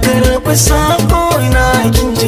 karɓi sako na kin